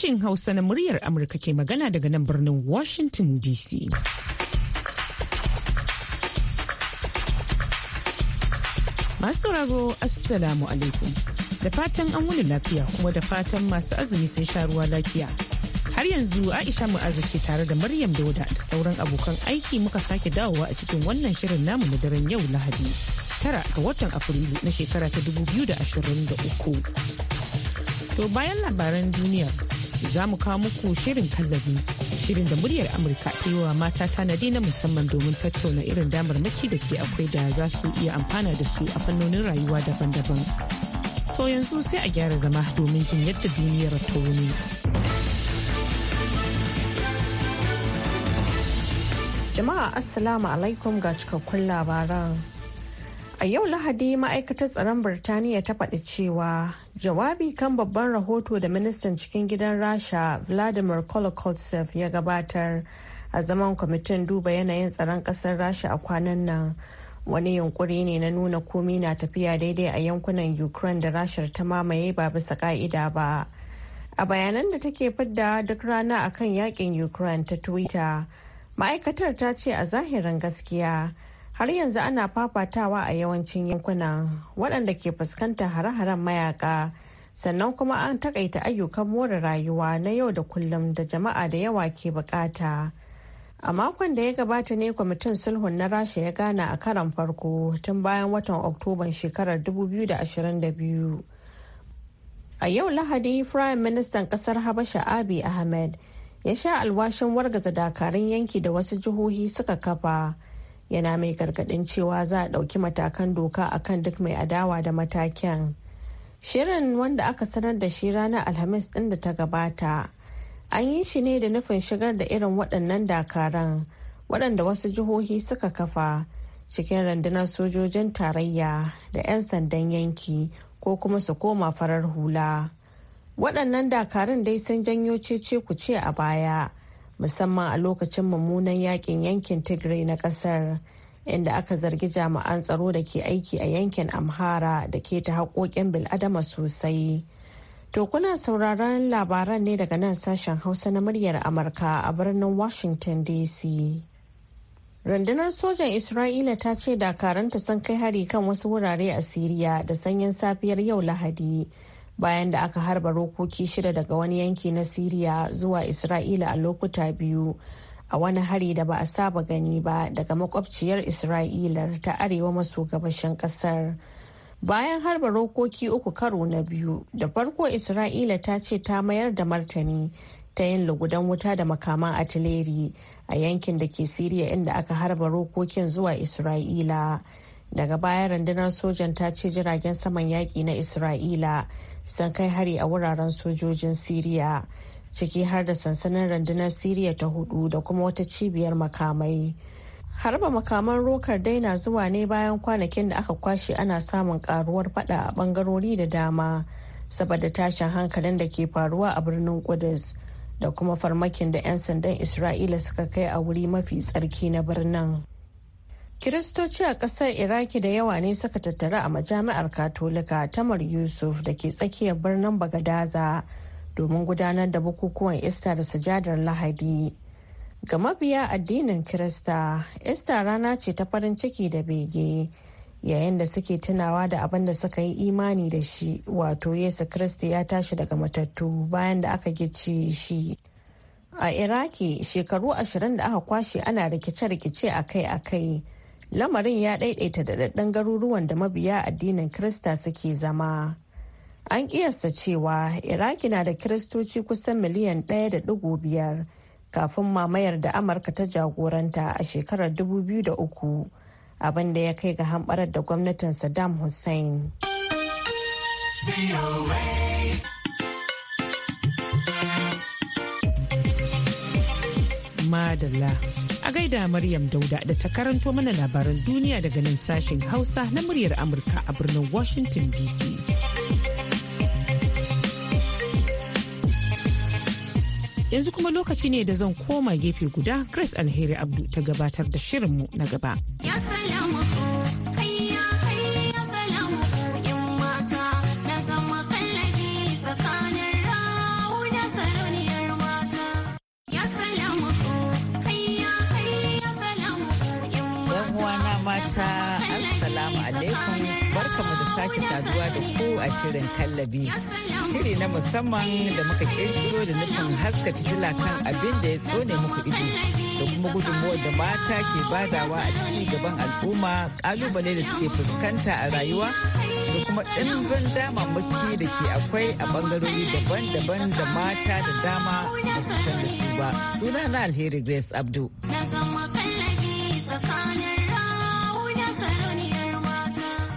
sashen Hausa na muryar Amurka ke magana daga nan birnin Washington DC. Masu rago Assalamu alaikum. Da fatan an wuni lafiya kuma da fatan masu azumi sun sha ruwa lafiya. Har yanzu Aisha Mu'azu ce tare da Maryam Dauda da sauran abokan aiki muka sake dawowa a cikin wannan shirin namu na daren yau Lahadi. Tara ga watan Afrilu na shekara ta 2023. To bayan labaran duniya za mu kawo muku shirin kallabi shirin da muryar amurka ta yi wa mata tanadi na musamman domin tattauna irin damar maki da ke akwai da za su iya amfana da su a fannonin rayuwa daban-daban to yanzu sai a gyara zama domin jin yadda duniyar ta wuni jama'a assalamu alaikum ga cikakkun labaran A yau Lahadi ma'aikatar tsaron Birtaniya ta faɗi cewa jawabi kan babban rahoto da ministan cikin gidan Rasha Vladimir Kolokotsev ya gabatar a zaman kwamitin duba yanayin tsaron ƙasar Rasha a kwanan nan wani yunkuri ne na nuna komi na tafiya daidai a yankunan Ukraine da Rashar ta mamaye ba bisa ka'ida ba. A bayanan da take fidda duk rana akan yakin Ukraine ta Twitter, ma'aikatar ta ce a zahirin gaskiya. har yanzu ana fafatawa a yawancin yankuna waɗanda ke fuskantar hare-haren mayaka sannan kuma an takaita ayyukan more rayuwa na yau da kullum da jama'a da yawa ke bukata a makon da ya gabata ne kwamitin sulhun na rasha ya gana a karan farko tun bayan watan oktoban shekarar 2022 a yau lahadi firayim ministan kasar habasha abi ahmed ya sha alwashin wargaza dakarun yanki da wasu jihohi suka kafa yana mai gargadin cewa za a ɗauki matakan doka akan duk mai adawa da matakin shirin wanda aka sanar da shi ranar alhamis ɗin da ta gabata an yi shi ne da nufin shigar da irin waɗannan dakaran waɗanda wasu jihohi suka kafa cikin rundunar sojojin tarayya da 'yan sandan yanki ko kuma su koma farar hula waɗannan dakarun dai sun janyo cece ku ce a baya musamman a lokacin mummunan yakin yankin tigray na kasar inda aka zargi jami'an tsaro da ke aiki a yankin amhara da ke ta haƙoƙin bil'adama sosai to kuna sauraron labaran ne daga nan sashen hausa na muryar amurka a birnin washington dc rundunar sojan isra'ila ta ce dakaranta sun kai hari kan wasu wurare a siriya da sanyin safiyar yau lahadi bayan da aka harba rokoki shida daga wani yanki na siriya zuwa isra'ila a lokuta biyu a wani hari da ba a saba gani ba daga makwabciyar isra'ilar ta arewa maso gabashin kasar bayan harba rokoki uku karo na biyu da farko isra'ila ta ce ta mayar da martani ta yin lugudan wuta da makaman atileri a yankin da ke siriya inda aka harba rokokin zuwa isra'ila daga baya rundunar sojan ta ce jiragen saman yaƙi na isra'ila sun kai hari a wuraren sojojin siriya ciki har da sansanin rundunar siriya ta hudu da kuma wata cibiyar makamai harba makaman rokar dai na zuwa ne bayan kwanakin da aka kwashe ana samun karuwar fada a bangarori da dama saboda tashin hankalin da ke faruwa a birnin kudus da kuma farmakin da 'yan sandan isra'ila suka kai a wuri mafi tsarki na birnin Kiristoci a ƙasar Iraki da yawa ne suka tattara a majami'ar Katolika Tamar Yusuf da ke tsakiyar birnin Bagadaza domin gudanar da bukukuwan Ista da sujadar Lahadi. Ga mabiya addinin Kirista, Ista rana ce ta farin ciki da bege yayin da suke tunawa da abin da suka yi imani da shi wato Yesu Kiristi ya tashi daga matattu bayan da aka gice shi. A Iraki shekaru ashirin da aka kwashe ana rikice-rikice akai-akai. lamarin ya daidaita daɗaɗɗen garuruwan da mabiya addinin Krista suke zama. An ƙiyasta cewa Iraki na da Kiristoci kusan miliyan ɗaya da ɗigo biyar kafin mamayar da Amurka ta jagoranta a shekarar 2003 abinda ya kai ga hamɓarar da gwamnatin Saddam Hussein. Madalla. A gaida Maryam Dauda da ta karanto mana labaran duniya daga nan sashen Hausa na muryar Amurka a birnin Washington DC. Yanzu kuma lokaci ne da zan koma gefe guda Grace Alheri Abdu ta gabatar da shirinmu na gaba. Ya sake saduwa da ku a shirin kallabi. Shiri na musamman da muka kirkiro da nufin haska fitila kan abin da ya tsone muku ido. Da kuma gudunmuwa da mata ke badawa a ci gaban al'umma kalubale da suke fuskanta a rayuwa da kuma ɗimbin damammaki da ke akwai a bangarori daban-daban da mata da dama a su ba. Suna na Alheri Grace Abdu.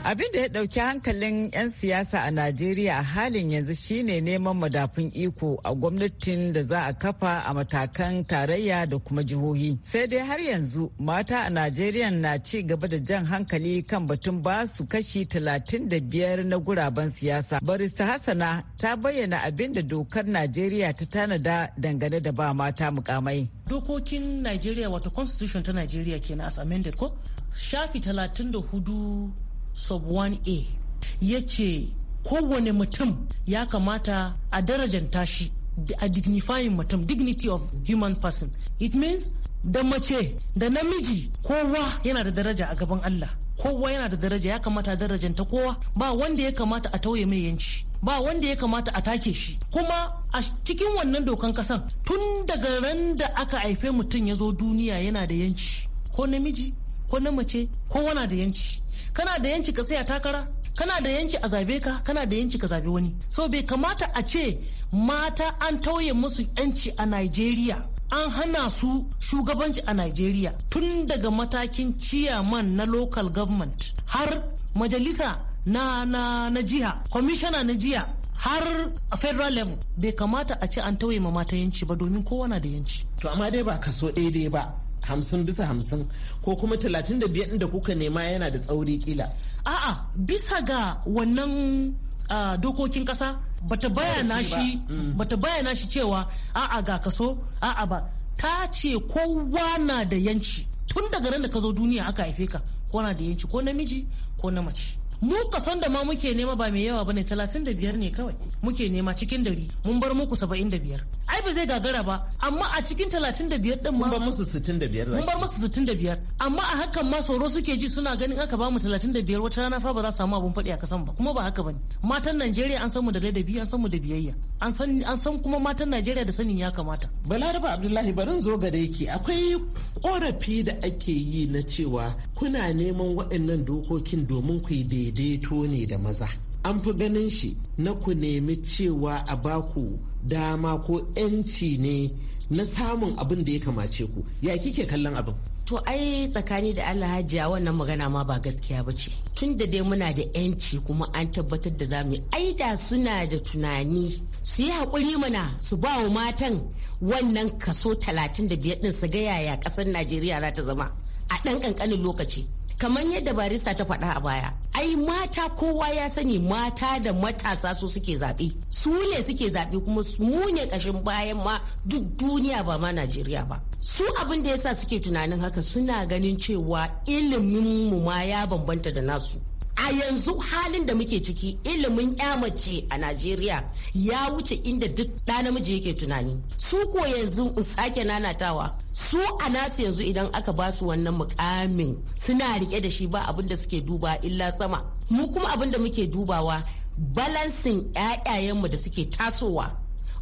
Abin da ya ɗauki hankalin 'yan siyasa a Najeriya a halin yanzu shine neman madafun iko a gwamnatin da za a kafa a matakan tarayya da kuma jihohi. Sai dai har yanzu mata a Najeriya na ci gaba da jan hankali kan batun ba su kashi 35 na guraben siyasa. Barista Hassana ta bayyana abin da dokar Najeriya ta tanada dangane da ba mata mukamai. Dokokin Najeriya wato Constitution ta Najeriya kenan as amended ko? Shafi 34 sub 1a ya ce kowane mutum ya kamata a darajanta shi a dignifying mutum dignity of human person it means da mace da namiji kowa yana da daraja a gaban Allah kowa yana da daraja ya kamata a darajanta kowa ba wanda ya kamata a tauye mai yanci ba wanda ya kamata a take shi kuma a cikin wannan dokan kasan tun daga ran da aka haife mutum ya zo duniya yana da yanci ko namiji ko na mace ko na da yanci kana da yanci ka saya takara kana da yanci a zabe ka kana da yanci ka zabe wani so bai kamata a ce mata an tauye musu yanci a Najeriya an hana su shugabanci a Najeriya tun daga matakin ciyaman na local government har majalisa na na na jiha kwamishana na jiha har a federal level bai kamata a ce an tauye ma mata yanci ba domin kowa na da yanci to amma dai ba kaso daidai ba hamsin bisa hamsin ko kuma talatin da biyar da kuka nema yana da tsauri kila a'a bisa ga wannan uh, dokokin kasa bata bayana shi mm. bata bayana shi cewa a'a ga kaso a'a ba ta ce kowa na da yanci tun daga ran da ka zo duniya aka haife ka ko na da yanci ko namiji ko na mace mu kason da ma muke nema ba mai yawa bane 35 ne kawai muke nema cikin dari mun bar muku 75 ai ba zai gagara ba amma a cikin 35 din ma mun bar musu 65 mun bar musu amma a hakan ma soro suke ji suna ganin aka ba mu 35 wata rana fa ba za su samu abun faɗi a kasan ba kuma ba haka bane matan Najeriya an san mu da ladabi an san mu da biyayya an san kuma matan najeriya da sanin ya kamata balaraba abdullahi barin zo ga yake akwai korafi da ake yi na cewa kuna neman waɗannan dokokin domin ku daidaito ne da maza an fi ganin shi na ku nemi cewa a baku dama ko 'yanci ne na samun abin da ya kamace ku ya kike kallon abin To ai tsakani da Allah a wannan magana ma ba gaskiya ba ce. Tun da dai muna da 'yanci kuma an tabbatar da zamu ai da suna da tunani su yi haƙuri mana su ba wa matan wannan kaso talatin 35 ɗin su ga yaya ƙasar Najeriya za ta zama a ɗan ƙanƙanin lokaci. kamar yadda barista ta faɗa a baya ai mata kowa ya sani mata da matasa su suke zaɓe su ne suke zaɓe kuma su ne ƙashin bayan ma duk duniya ba ma najeriya ba su abin da yasa suke tunanin haka suna ganin cewa ilimin mu ma ya bambanta da nasu a yanzu halin da muke ciki ilimin ya mace a najeriya ya wuce inda duk ɗa namiji yake tunani su ko yanzu sake nanatawa su a nasu yanzu idan aka ba su wannan mukamin suna rike da shi ba abin da suke duba illa sama mu kuma abin da muke dubawa balansin 'ya'yayenmu da suke tasowa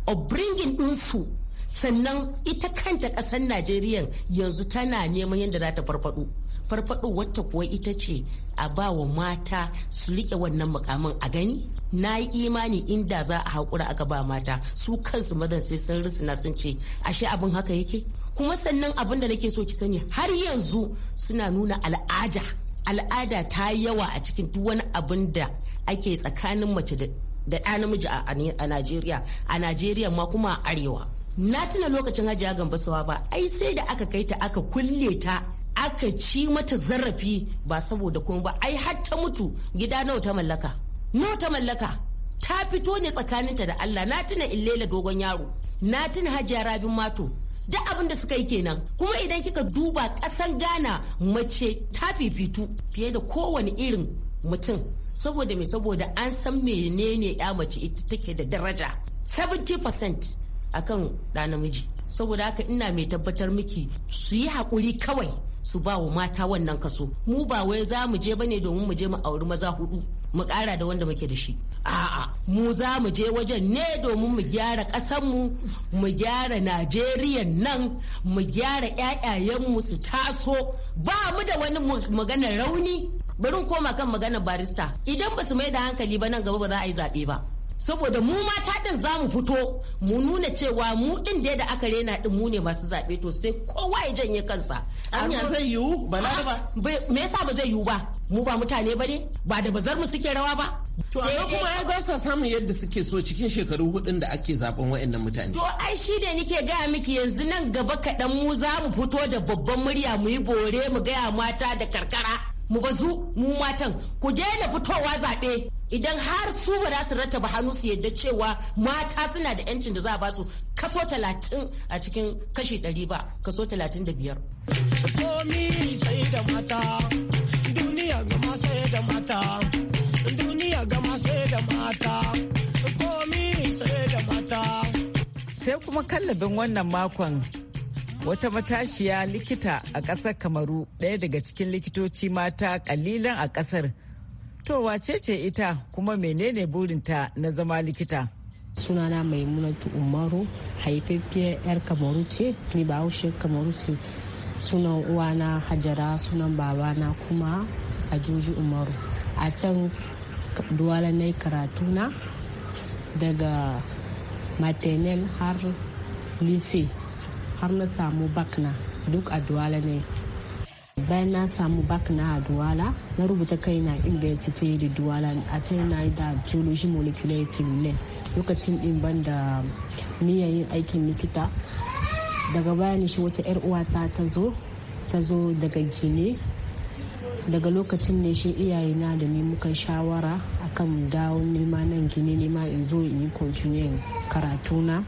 upbringing ɗinsu sannan ita kanta ƙasar najeriya yanzu tana neman yadda za ta farfado Farfado wata kuwa ita ce a ba wa mata su riƙe wannan mukamin a gani na yi imani inda za a haƙura aka ba mata su kansu madan sai sun na sun ce ashe abin haka yake kuma sannan abin da nake so ki sani har yanzu suna nuna al'ada al'ada ta yawa a cikin duk wani abin da ake tsakanin mace da ɗa namiji a najeriya a najeriya ma kuma a arewa na tuna lokacin hajiya gambasawa ba ai sai da aka kai ta aka kulle ta aka ci mata zarafi ba saboda kuma ba ai har ta mutu gida nawa ta mallaka nawa ta mallaka ta fito ne tsakaninta da Allah na tuna illela dogon yaro na tuna hajiya rabin mato duk abin da suka yi kenan kuma idan kika duba kasan Ghana mace ta fifitu fiye da kowane irin mutum saboda mai saboda an san menene ya mace ita take da daraja 70% akan da namiji saboda haka ina mai tabbatar miki su yi haƙuri kawai su ba wa mata wannan kaso mu ba wai za mu je bane domin mu je mu auri maza hudu mu ƙara da wanda muke da shi a'a mu za mu je wajen ne domin mu gyara ƙasanmu mu gyara najeriya nan mu gyara ƴaƴayenmu su taso ba mu da wani magana rauni bari koma kan magana barista idan ba su mai da hankali ba nan gaba ba za a yi zaɓe ba saboda mu mata din za mu fito mu nuna cewa mu din da da aka rena din mu ne masu zaɓe to sai kowa ya janye kansa anya zai yiwu ba ah, me yasa ba zai yiwu ba mu ba mutane ba ne ba da bazar mu suke rawa ba to amma kuma ai ba sa samun yadda suke so cikin shekaru hudun da ake zaben wayannan mutane to ai shi ne nike gaya miki yanzu nan gaba kaɗan mu za mu fito da babban murya mu yi bore mu gaya mata da karkara mu bazu mu matan ku daina fitowa zaɓe idan har su ba za su rattaba hannu su yadda cewa mata suna da 'yancin da za a ba su kaso talatin a cikin kashi dari ba kaso talatin da biyar. Komi sai da mata, duniya gama sai da mata, duniya sai da mata, sai da mata. Sai kuma kallabin wannan makon wata matashiya likita a ƙasar Kamaru ɗaya daga cikin likitoci mata ƙalilan a ƙasar. To wace ce ita kuma menene burinta na zama likita? Sunana mai Maimunatu Umaru haifafiyar 'yar Kamaru ce, ni ba haushe Kamaru ce. Sunan uwana Hajara sunan babana kuma a Ajuji Umaru. A can Duwala na yi karatuna daga maternal har lise har na samu bakna duk a Duwala ne. bayan na samu bak na a duwala na rubuta kai na university da duwala a can na da geology molecular cellulare lokacin din ban da niyan yin aikin likita daga baya shi wata yar uwata ta zo ta zo daga gine daga lokacin ne shi na da ni muka shawara akan dawo nema nan gine nema in zo in yi continue karatuna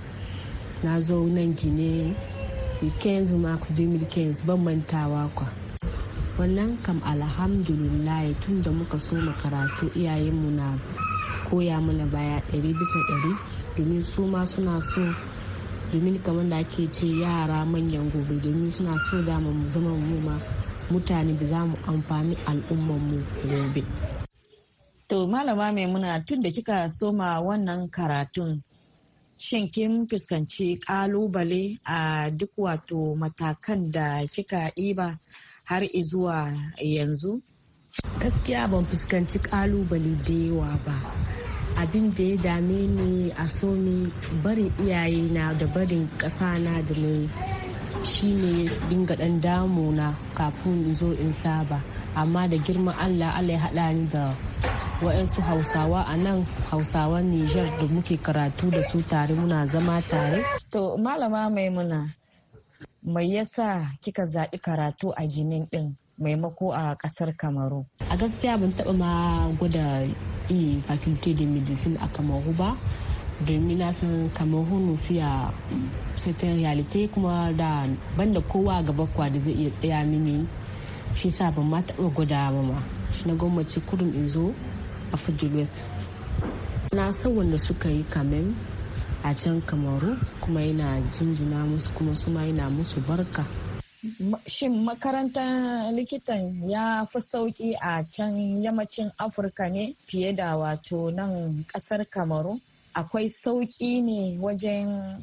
na zo nan gine 15 max 2015 ban mantawa kwa wannan kam alhamdulillah tun da muka so karatu iyayenmu na koya mana baya ɗari bisa ɗari domin su ma suna so domin kamar da ake ce yara manyan gobe domin suna so dama mu zama mu ma mutane da za mu amfani al'ummanmu gobe. To malama muna tun da kika soma wannan karatun shin kin fuskanci kalubale a duk wato matakan da kika ɗiba har zuwa yanzu? Gaskiya ban fuskanci kalubale da yawa ba. Abin da ya dame ni a so ni barin na da barin na da ne shi ne dinga ɗan na kafin zo in saba. Amma da girma Allah Allah ya haɗa ni da waɗansu hausawa a nan hausawan Nijar da muke karatu da su tare muna zama tare. To malama maimuna mai yasa kika zaɓi karatu a ginin ɗin maimako a ƙasar kamaru a gaskiya ban taɓa ma gwada iya faculty de medicine a kamaru ba domin na san kamaru siya mm, sufin realite kuma da banda kowa gaba da zai iya tsaya mini shi sa ban ma taɓa gwada ma shi na gwamnati kudin in zo a fujil west na san wanda suka yi kamen a can kamaru kuma yana jinjina musu kuma su ma yana musu barka shin makarantar likitan ya fi sauki a can yammacin afirka ne fiye da wato nan kasar kamaru akwai sauki ne wajen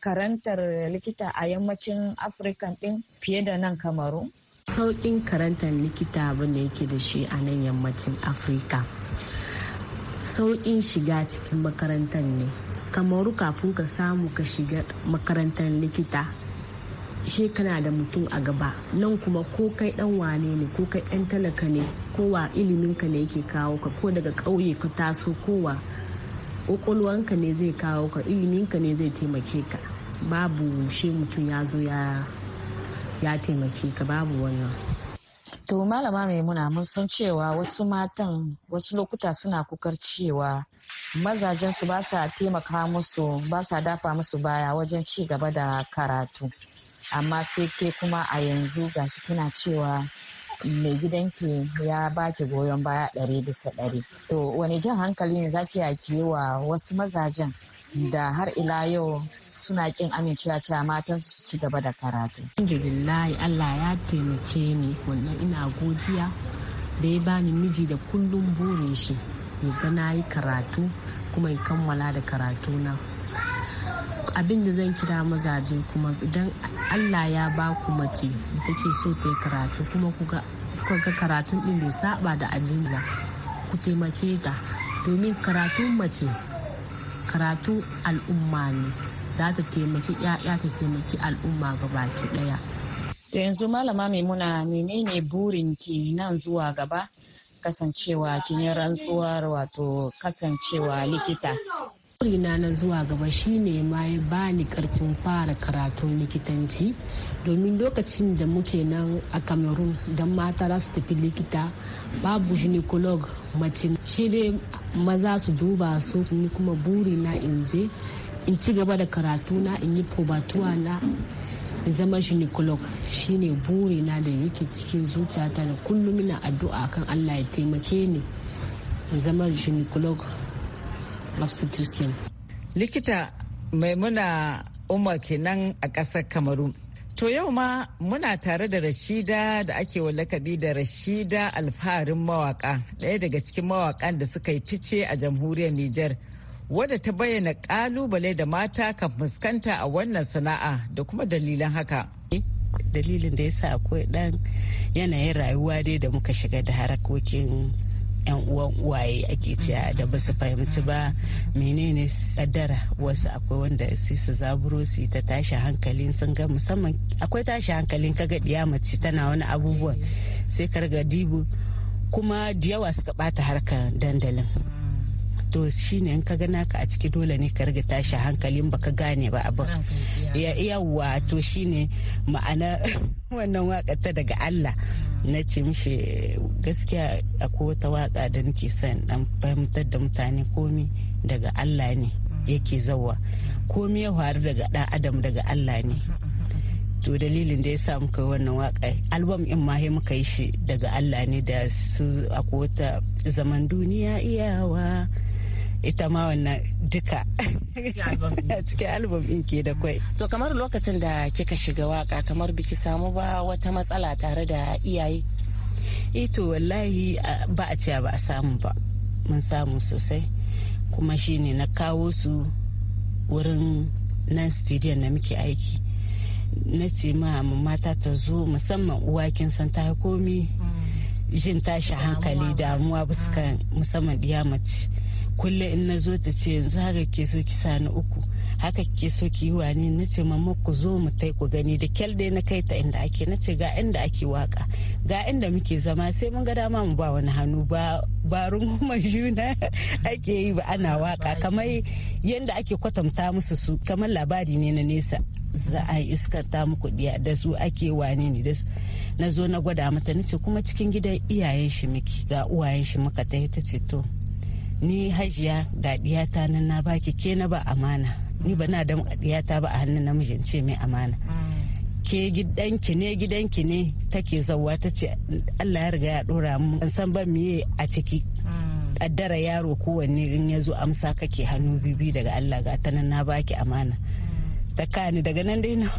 karantar likita a yammacin afirka din fiye da nan kamaru sauƙin karantar likita abin yake da shi a nan yammacin afirka sauƙin shiga cikin makarantar ne kamaru kafin ka samu ka shiga makarantar likita she kana da mutum a gaba nan kuma ko kai dan wane ne ko kai dan talaka ne kowa ilimin ka ne yake kawo ka ko daga ƙauye ka taso kowa ƙwaƙwalwanka ne zai kawo ka ilimin ne zai taimake ka babu she mutum ya zo ya taimake ka babu wannan To malama maimuna mun san cewa wasu matan wasu lokuta suna kukar cewa mazajen su ba sa taimaka musu ba sa dafa musu baya wajen ci gaba da karatu. Amma sai ke kuma a yanzu gashi kina cewa mai gidanki ya baki goyon baya ɗari bisa ɗari. To wani jan hankali ne zaki yaki wa wasu mazajen da har ila yau suna kin amincewa cewa matan su ci gaba da karatu. Alhamdulillah Allah ya taimake ni wannan ina godiya da ya bani miji da kullum burin shi ga na yi karatu kuma in kammala da karatu na. Abin da zan kira mazaje kuma idan Allah ya ba ku mace da take so ta yi karatu kuma kuka ga karatun din bai saba da ajinza ku taimake ta domin karatun mace karatu al'umma ne za ta taimaki 'ya'ya ta taimaki al'umma baki ɗaya. to yanzu malama maimuna menene burin ki nan zuwa gaba kasancewa kinyi rantsuwar wato kasancewa likita burina na zuwa gaba shine ma ya ni karfin fara karatun likitanci domin lokacin da muke nan a cameroon don mata za su tafi likita babu gynecolog mace shi dai maza su duba su ni kuma burina in je in ci gaba da karatu na in yi probatuwa na in zama shi shine burina da yake cikin zuciyata da kullum ina addu'a kan allah ya taimake ni in zama gynecolog obstetrician likita maimuna umar kenan a ƙasar kamaru To yau ma muna tare da Rashida da ake wa lakabi da Rashida alfaharin mawaka ɗaya daga cikin mawakan da suka yi fice a jamhuriyar Nijar wadda ta bayyana kalubale da mata kan fuskanta a wannan sana'a da kuma dalilan haka. Dalilin da ya sa akwai ɗan yanayin rayuwa dai da muka shiga da harakokin 'yan uwan uwaye ake cewa da ba su fahimci ba menene tsadara wasu akwai wanda su su zaburo su ta tashi hankalin sun ga musamman akwai tashi hankalin kaga diya mace tana wani abubuwan sai karga dibu kuma da yawa suka bata harkar dandalin to shine in ka ga naka a ciki dole ne ka riga tashi hankalin baka gane ba abin ya to shine ma'ana wannan waka ta daga Allah na ce mishi gaskiya akwai wata waka da nake son dan fahimtar da mutane komi daga Allah ne yake zawa komi ya faru daga dan adam daga Allah ne to dalilin da ya sa muka wannan waka album in ma he muka yi shi daga Allah ne da su akwai wata zaman duniya iyawa ita ma wannan duka a cikin album in ke da kwai to kamar lokacin da kika shiga waka kamar biki samu ba wata matsala tare da iyaye ito eh wallahi ba a ce ba a samu ba mun samu sosai kuma shine na kawo su wurin nan studiyon na muke aiki na ce ma mata ta zo musamman uwa kin san ta komi mm. jin tashi hankali damuwa buskan mm. musamman diya mace Kulle in na zo ta ce yanzu haka ke so ki sa ni uku haka ke so ki yi wani na ce mamma ku zo mu tai ku gani da kyal dai na kai ta inda ake na ce ga inda ake waka ga inda muke zama sai mun ga dama mu ba wani hannu ba ba rungumar juna ake yi ba ana waka kamar yadda ake kwatanta musu su kamar labari ne na nesa za a iskar ta muku diya da su ake wani ne da su na zo na gwada mata nace kuma cikin gidan iyayen shi miki ga uwayen shi muka ta ta ce to ni hajiya ga ɗiyata nan na baki ke na ba amana ni ba na dan ɗiyata ba a hannun namijin ce mai amana ke gidanki ne gidanki ne take zauwa ta ce Allah ya riga ya dora mu ban san ban miye a ciki kaddara yaro kowanne in ya zo amsa kake hannu bibi daga Allah ga ta nan na baki amana tsakani daga nan dai na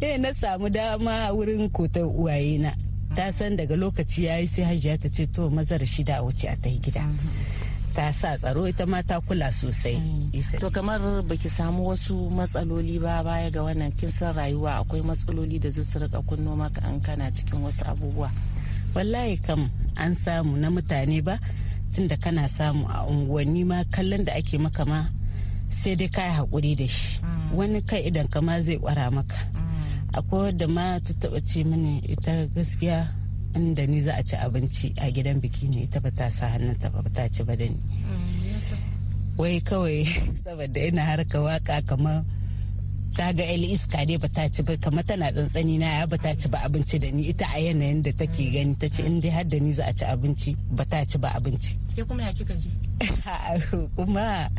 eh na samu dama wurin kotar uwaye na ta san daga lokaci ya yi sai hajiya ta ce to mazar shida a wuce a ta gida mhm. ta sa tsaro ita ma ta kula sosai mm. to kamar baki samu wasu matsaloli ba baya ga wannan kin san rayuwa akwai matsaloli da zai rika kunno maka an kana cikin wasu abubuwa wallahi kam an samu na mutane ba tunda kana samu a unguwanni ma kallon da ake maka ma sai dai ka hakuri da shi mm. wani kai idan kama zai kwara maka mm. akwai wadda ma ta taɓa ce mini ita gaskiya inda ni za a ci abinci a gidan biki ne ita ba ta sa hannun ta ba ta ci ba da ni mm, wai kawai saboda ina harka waka kamar ta ga el iska dai ta ci ba kamar tana tsantsani na ya ba ta ci ba abinci da ni ita a yanayin da take gani ta ce in dai har da ni za a ci abinci ba ta ci ba abinci ke kuma ya kika ji kuma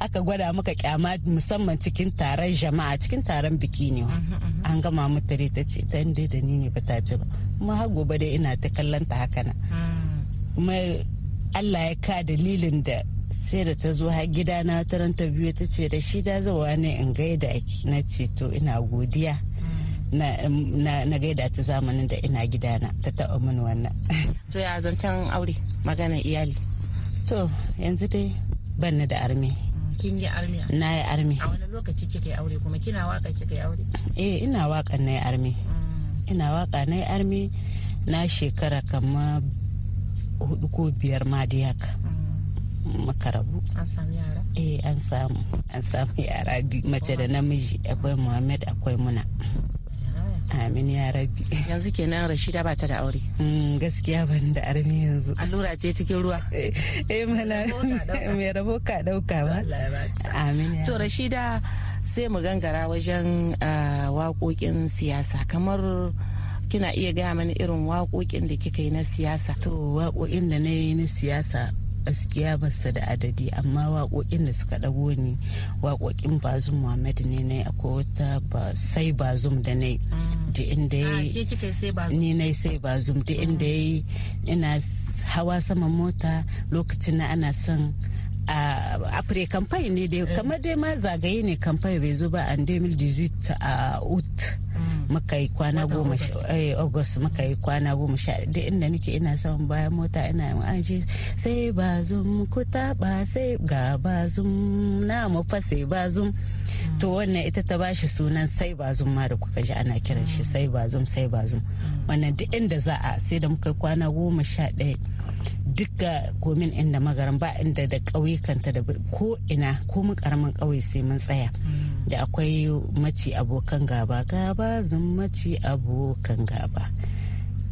aka gwada maka kyama musamman cikin taron jama'a cikin taron biki ne wa. an gama mutare ta ce ta inda da ni ne ba ta ci ba kuma har gobe dai ina ta kallon ta haka na ah. kuma Allah ya ka dalilin da sai da ta zo har gida na taranta biyu ta ce da shi da zawa ne in gaida ake na ce to ina godiya na gaida ta zamanin da ina gida na ta taɓa min wannan to ya zancen aure magana iyali to yanzu dai ban da armi kin yi armi na yi armi a wani lokaci kika yi aure kuma kina waka kika yi aure eh ina waka na yi armi mm. ina waka na yi armi na shekara kama hudu ko biyar ma da haka mm. makarabu an samu yara eh, an samu yara biyu mace da namiji akwai muhammad akwai muna amin ya rabi yanzu kenan rashida ba ta da aure mm, gaskiya ban da armi yanzu allura ce cikin ruwa eh, eh mana mai rabo ka dauka ba amin to rashida sai mu gangara wajen ah, waƙoƙin siyasa kamar kina iya gaya mani irin waƙoƙin da kika yi na siyasa to waƙoƙin da na yi na siyasa gaskiya ba su da adadi amma waƙoƙin da suka ɗago ni waƙoƙin bazum muhammad ne na akwai wata ba sai bazum da na yi mm. da inda ah, ya ni na sai bazum da inda mm. ya ina hawa saman mota lokacin na ana son Ah, a pre campaign ne dai eh. kamar dai ma zagaye ne campaign bai zo ba a 2018 a ut hmm. muka yi kwana goma eh, august muka yi kwana goma sha duk inda nake ina samun bayan mota ina aje sai bazum ku taba sai ga bazum na mu fa sai bazum hmm. to wannan ita ta bashi sunan sai bazum ma da kuka ji ana kiran shi hmm. sai bazum sai bazum wannan duk inda za a sai da muka kwana goma sha ɗaya duka komin inda magaran ba inda da ƙauyukanta da ko ina ko mun karamin ƙauye sai mun tsaya mm. da akwai maci abokan gaba gaba zan maci abokan gaba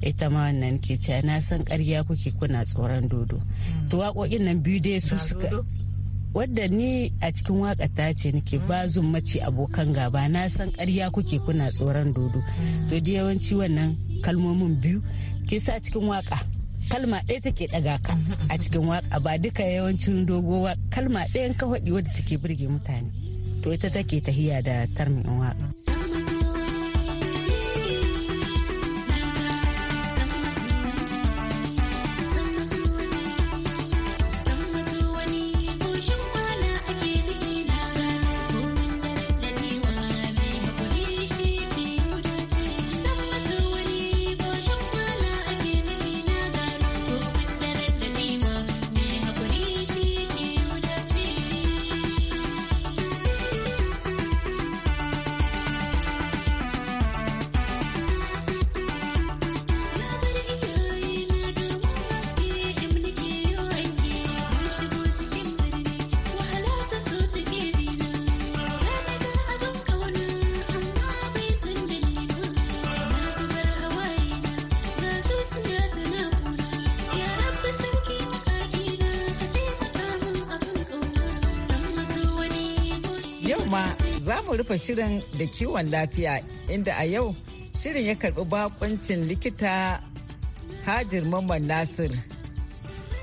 ita ma wannan ke cewa na san ƙarya kuke kuna tsoron dodo mm. to waƙoƙin nan biyu dai su suka wadda ni a cikin waka ta ce nake mm. ba mace abokan gaba na san karya kuke kuna tsoron dodo to da yawanci wannan kalmomin biyu ke sa cikin waka kalma ɗaya take ɗaga ka mm-hmm, mm-hmm. a cikin waka ba duka yawancin dogowa kalma ɗayan ka wadda take burge mutane to ita take tahiya da tarmin waka. mu rufe shirin da kiwon lafiya inda a yau shirin ya karbi bakuncin likita Hajir Mamman Nasir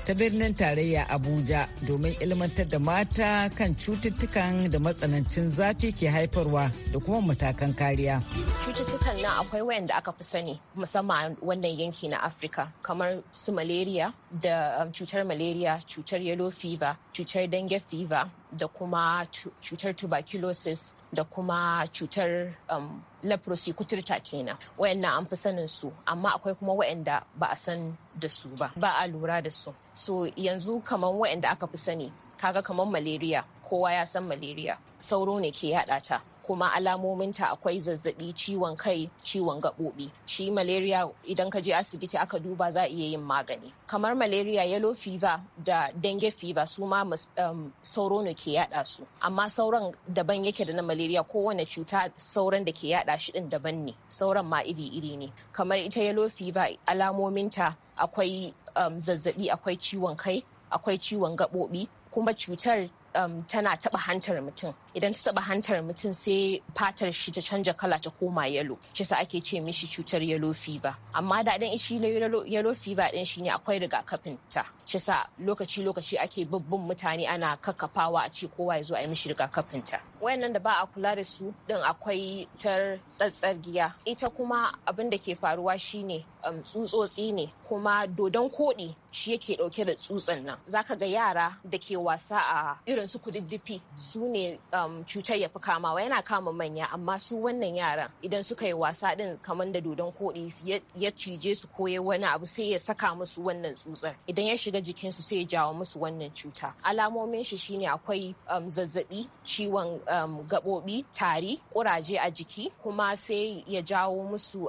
ta birnin tarayya Abuja domin ilmantar da mata kan cututtukan da matsanancin zafi ke haifarwa da kuma matakan kariya. Cututtukan nan akwai wayanda aka fi sani musamman wannan yanki na Afirka kamar su malaria da um, cutar malaria, cutar yellow fever, cutar dengue fever da kuma cutar tuberculosis da kuma cutar um, leprosy kuturta kenan wayannan an fi sanin su amma akwai kuma wayanda ba a san da su ba ba a lura da su so yanzu kaman wayanda aka fi sani kaga kamar malaria kowa ya san malaria sauro ne ke yaɗa ta kuma alamominta akwai zazzabi ciwon kai ciwon gaɓoɓi shi malaria idan ka je asibiti aka duba za a iya yin magani kamar malaria yellow fever da dengue fever su ma um, sauro ne ke yada su amma sauran daban yake da na malaria kowane cuta sauran da ke yada shi din daban ne sauran ma iri-iri ne kamar ita yellow fever alamominta akwai um, zazzabi akwai ciwon kai akwai ciwon gaɓoɓi kuma cutar um, tana taɓa hantar mutum idan ta taba hantar mutum sai fatar shi ta canja kala ta koma yalo shi sa ake ce mishi cutar yalo fever amma da dan shi yalo fever din shine akwai rigakafin ta shi sa lokaci lokaci ake bubbun mutane ana kakkafawa a ce kowa ya zo a yi mishi rigakafin ta wayannan da ba a kula da su din akwai tar tsatsar giya ita kuma abin da ke faruwa shine um, tsutsotsi ne kuma dodon koɗi shi yake ɗauke da tsutsan nan zaka ga yara da ke wasa a irin su kududdufi su ne um, Um, cutar ya fi kamawa yana kama manya amma su wannan yaran idan suka yi wasa din kamar da dodon koɗi ya cije su ko ya wani abu sai ya saka musu wannan tsutsar idan ya shiga jikin su sai ya jawo musu wannan cuta alamomin shi shine akwai um, zazzabi ciwon um, gaɓoɓi tari kuraje a jiki kuma sai ya jawo musu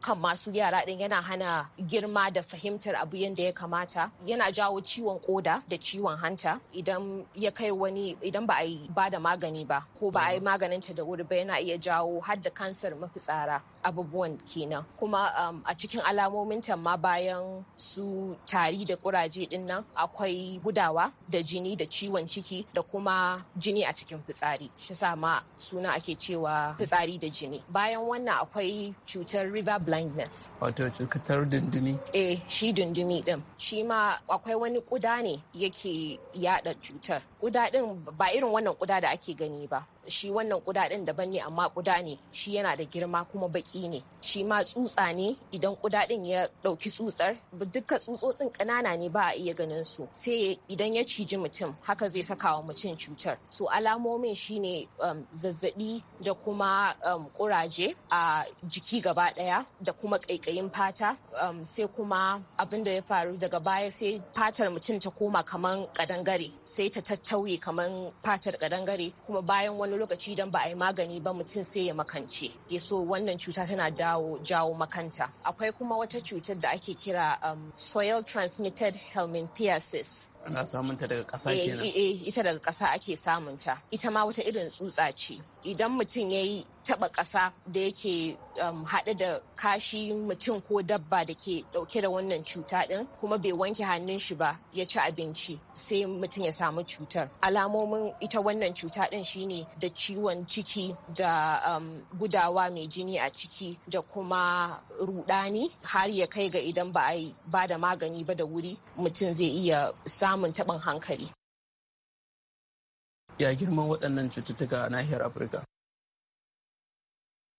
kan masu yara din yana hana girma da fahimtar abu yadda ya kamata yana jawo ciwon koda da ciwon hanta idan ya kai wani idan ba a yi ba da magani magani ba ko ba a yi maganin ta da wuri ba yana iya jawo har da kansar mafitsara abubuwan kenan kuma um, a cikin alamomin ma bayan su tari da kuraje din akwai gudawa da jini da ciwon ciki da kuma jini a cikin fitsari shi ma suna ake cewa fitsari da jini bayan wannan akwai cutar river blindness wato cutar dundumi eh shi dundumi din shi ma akwai wani kuda ne yake yada cutar kuda din ba irin wannan kuda da ake gani ba shi wannan kuda din daban ne amma kuda ne shi yana da girma kuma baki ne shi ma tsutsa ne idan kuda din ya dauki tsutsar dukkan tsutsotsin kanana ne ba a iya ganin su sai idan ya ciji mutum haka zai saka wa mutum cutar so alamomin shine um, zazzabi da kuma um, kuraje a jiki gaba daya da kuma kaikayin fata um, sai kuma abin da ya faru daga baya sai fatar mutum ta koma kaman kadangare sai ta tattauye kaman fatar kadangare kuma bayan wani wani lokaci idan ba a yi magani ba mutum sai ya makance ya eh, so wannan cuta tana dawo jawo makanta akwai kuma wata cutar da ake kira um, soil transmitted helminthiasis ana samun ta daga ƙasa eh, kenan eh, eh ita daga ƙasa ake samun ta ita ma wata irin tsutsa ce idan mutum ya yi taɓa ƙasa da yake um, haɗe da kashi mutum ko dabba da ke ɗauke da wannan cuta ɗin kuma bai wanke hannun shi ba ya ci abinci sai mutum ya samu cutar alamomin ita wannan cuta ɗin shine da ciwon ciki da um, gudawa mai jini a ciki da kuma rudani har ya kai ga idan ba a yi ba da magani ba da wuri mutum zai iya samun samun taɓin hankali. Ya girman waɗannan cututtuka a nahiyar Afirka?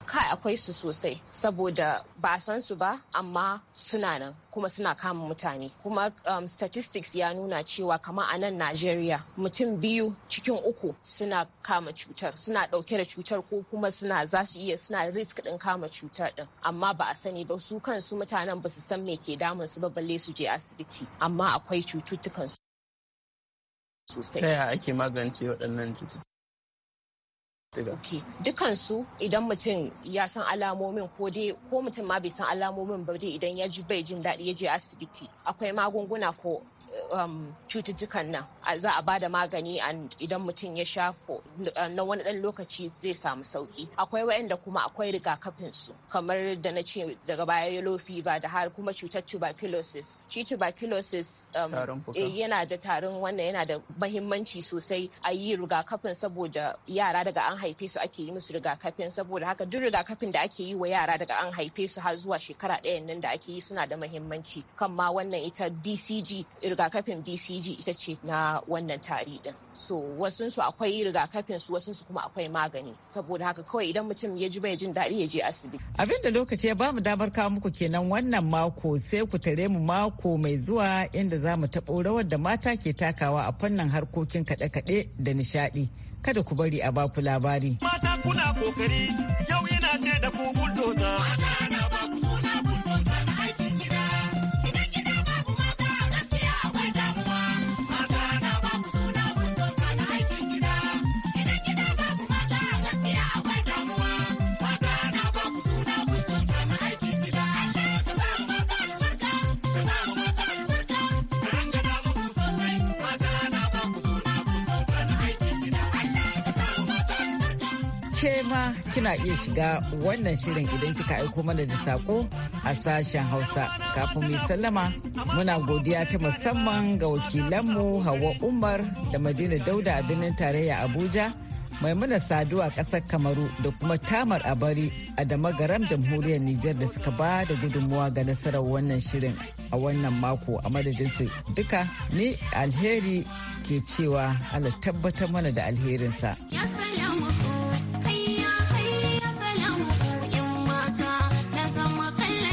Kai akwai su sosai saboda ba san su ba amma suna nan kuma suna kama mutane. Kuma um, statistics ya nuna cewa kama a nan Najeriya mutum biyu cikin uku suna kama cutar suna ɗauke da cutar ko kuma suna za su iya suna risk ɗin kama cutar ɗin amma ba a sani ba su kansu mutanen ba su san me ke damun su ba balle su je asibiti amma akwai cututtukan su. sosai. Ta yaya ake magance waɗannan cututtuka? Okay. Dukansu idan mutum ya san alamomin ko dai ko mutum ma bai san alamomin ba dai idan ya ji bai jin daɗi ya je asibiti akwai magunguna ko um, cututtukan nan za a bada magani idan mutum ya sha uh, na wani ɗan lokaci zai samu sauki akwai waɗanda kuma akwai rigakafin su kamar da na ce daga baya yellow fever da har kuma cutar tuberculosis shi tuberculosis um, eh, yana da tarin wannan yana da mahimmanci sosai a yi rigakafin saboda yara daga an haife su ake yi musu rigakafin saboda haka duk rigakafin da ake yi wa yara daga an haife su har zuwa shekara ɗayan nan da ake yi suna da muhimmanci kan ma wannan ita BCG rigakafin BCG ita ce na wannan tari din so wasun akwai rigakafin su wasun kuma akwai magani saboda haka kawai idan mutum ya ji bai jin daɗi ya je asibiti abin da lokaci ya ba mu damar kawo muku kenan wannan mako sai ku tare mu mako mai zuwa inda za mu taɓo rawar da mata ke takawa a fannin harkokin kaɗe-kaɗe da nishaɗi. kada ku bari a baku labari. Mata kuna kokari yau yana ce da ku bulldozer. Mata na baku ke ma kina iya shiga wannan shirin idan kika aiko mana da sako a sashen hausa kafin mai sallama muna godiya ta musamman ga wakilanmu hawa umar da madina dauda a birnin tarayya abuja maimuna sadu a ƙasar kamaru da kuma tamar abari a damagaram jamhuriyar nijar da suka ba da gudunmuwa ga nasarar wannan shirin a wannan mako a madadin su duka ni alheri ke cewa ala tabbatar mana da alherinsa.